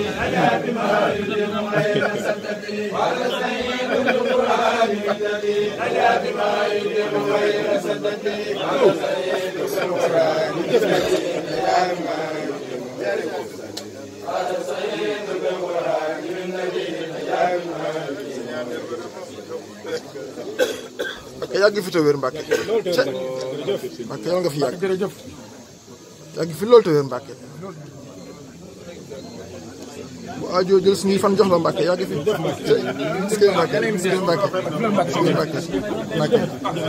نجا بما يدركم غير سدتي ونستعين بالقران مدتي نجا بما يدركم غير سدتي ونستعين بالقران مدتي نجا بما يدركم غير سدتي ونستعين بالقران مدتي نجا بما Mbacke yàgg fi te wér Mbacke. Mbacke yàlla nga fi yàgg. yàgg fi loolu te wér Mbacke. bu aajoo jël suñuy fan jox la Mbàkke yàgg fi. est-ce que Mbàkke est-ce que